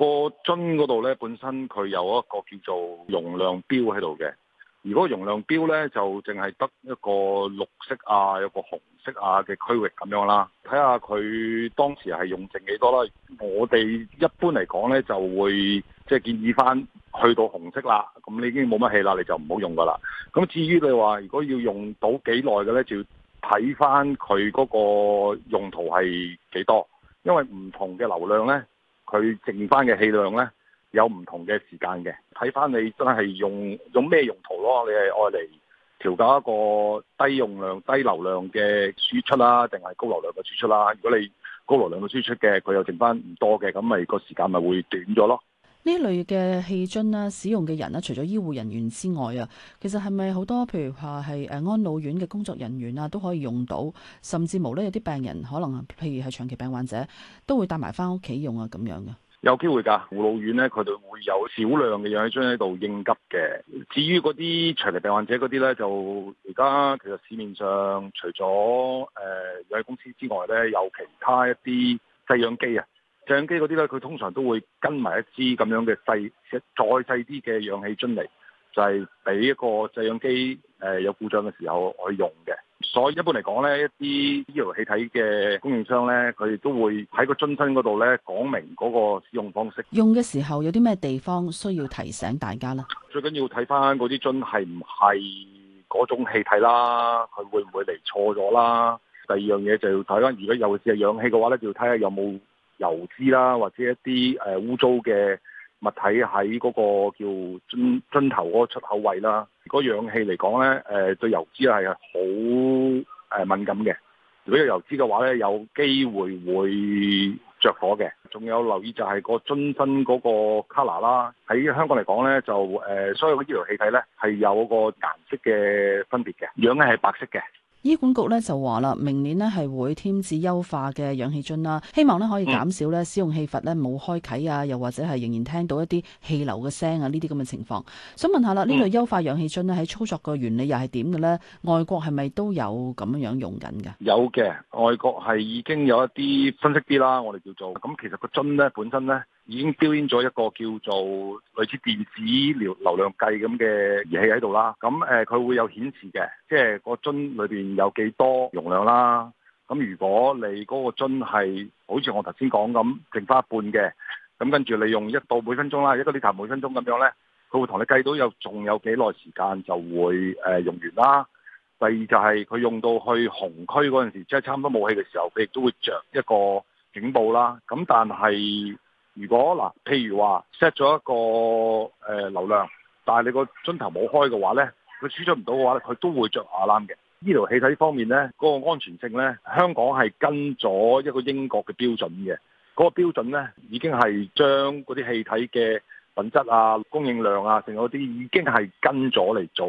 個樽嗰度咧，本身佢有一個叫做容量錶喺度嘅。如果容量錶咧，就淨係得一個綠色啊，有一個紅色啊嘅區域咁樣啦。睇下佢當時係用剩幾多啦。我哋一般嚟講咧，就會即係建議翻去到紅色啦，咁你已經冇乜氣啦，你就唔好用噶啦。咁至於你話如果要用到幾耐嘅咧，就要睇翻佢嗰個用途係幾多，因為唔同嘅流量咧。佢剩翻嘅氣量呢，有唔同嘅時間嘅，睇翻你真係用用咩用途咯。你係愛嚟調校一個低用量、低流量嘅輸出啦、啊，定係高流量嘅輸出啦、啊？如果你高流量嘅輸出嘅，佢又剩翻唔多嘅，咁咪個時間咪會短咗咯。呢一類嘅氣樽啦，使用嘅人啦，除咗醫護人員之外啊，其實係咪好多？譬如話係誒安老院嘅工作人員啊，都可以用到，甚至無咧有啲病人可能，譬如係長期病患者，都會帶埋翻屋企用啊，咁樣嘅。有機會噶，護老院呢，佢哋會有少量嘅氧氣樽喺度應急嘅。至於嗰啲長期病患者嗰啲呢，就而家其實市面上除咗誒、呃、氧氣公司之外呢，有其他一啲製氧機啊。製氧機嗰啲咧，佢通常都會跟埋一支咁樣嘅細再細啲嘅氧氣樽嚟，就係俾一個製氧機誒有故障嘅時候我去用嘅。所以一般嚟講咧，一啲醫療氣體嘅供應商咧，佢都會喺個樽身嗰度咧講明嗰個使用方式。用嘅時候有啲咩地方需要提醒大家啦？最緊要睇翻嗰啲樽係唔係嗰種氣體啦，佢會唔會嚟錯咗啦？第二樣嘢就要睇翻，如果尤其是氧氣嘅話咧，就要睇下有冇。油脂啦，或者一啲誒污糟嘅物體喺嗰個叫樽樽頭嗰出口位啦。如果氧氣嚟講咧，誒、呃、對油脂係好誒敏感嘅。如果有油脂嘅話咧，有機會會着火嘅。仲有留意就係個樽身嗰個 color 啦，啊。喺香港嚟講咧，就誒、呃、所有啲醫療氣體咧係有個顏色嘅分別嘅。氧咧係白色嘅。醫管局咧就話啦，明年呢係會添置優化嘅氧氣樽啦，希望呢可以減少呢使、嗯、用氣閥呢冇開啟啊，又或者係仍然聽到一啲氣流嘅聲啊，呢啲咁嘅情況。想問下啦，呢類優化氧氣樽呢喺操作個原理又係點嘅呢？外國係咪都有咁樣用緊㗎？有嘅，外國係已經有一啲分析啲啦，我哋叫做咁，其實個樽呢本身呢。已經標籤咗一個叫做類似電子流流量計咁嘅儀器喺度啦。咁誒，佢會有顯示嘅，即係個樽裏邊有幾多容量啦。咁如果你嗰個樽係好似我頭先講咁，剩翻一半嘅，咁跟住你用一到每分鐘啦，一個呢茶每分鐘咁樣呢，佢會同你計到有仲有幾耐時間就會誒用完啦。第二就係佢用到去紅區嗰陣時，即係差唔多冇氣嘅時候，佢亦都會着一個警報啦。咁但係，如果嗱，譬如話 set 咗一個誒、呃、流量，但係你個樽頭冇開嘅話咧，佢輸出唔到嘅話，佢都會着 alarm 嘅。醫療氣體方面咧，嗰個安全性咧，香港係跟咗一個英國嘅標準嘅，嗰個標準咧已經係將嗰啲氣體嘅品質啊、供應量啊，剩嗰啲已經係跟咗嚟做。